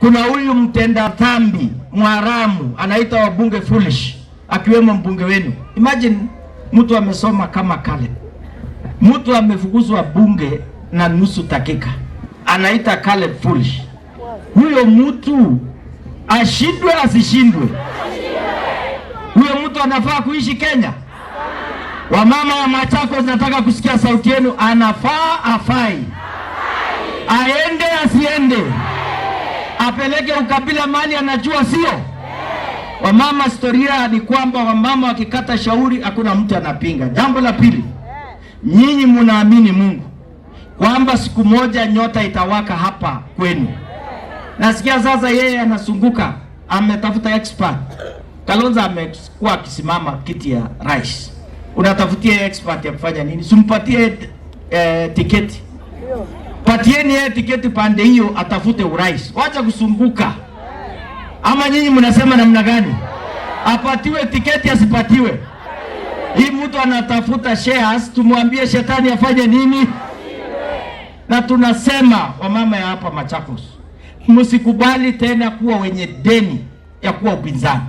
Kuna huyu mtenda dhambi mwaramu anaita wabunge foolish, akiwemo mbunge wenu. Imagine mtu amesoma kama Caleb, mtu amefukuzwa bunge na nusu dakika, anaita Caleb foolish. Huyo mtu ashindwe asishindwe? Huyo mtu anafaa kuishi Kenya? Wamama wa Machakos, nataka kusikia sauti yenu, anafaa afai? Aende apeleke ukabila mali, anajua sio? Wamama, historia ni kwamba wamama wakikata shauri hakuna mtu anapinga. Jambo la pili, nyinyi munaamini Mungu kwamba siku moja nyota itawaka hapa kwenu. Nasikia sasa yeye anasunguka, ametafuta expert. kalonza amekuwa akisimama kiti ya rais, unatafutia expert ya kufanya nini? Simpatie eh, tiketi patieni yeye tiketi pande hiyo, atafute urais. Wacha kusumbuka. Ama nyinyi mnasema namna gani? Apatiwe tiketi asipatiwe? Hii mtu anatafuta shares, tumwambie shetani afanye nini? Na tunasema mama ya hapa Machakos, msikubali tena kuwa wenye deni ya kuwa upinzani.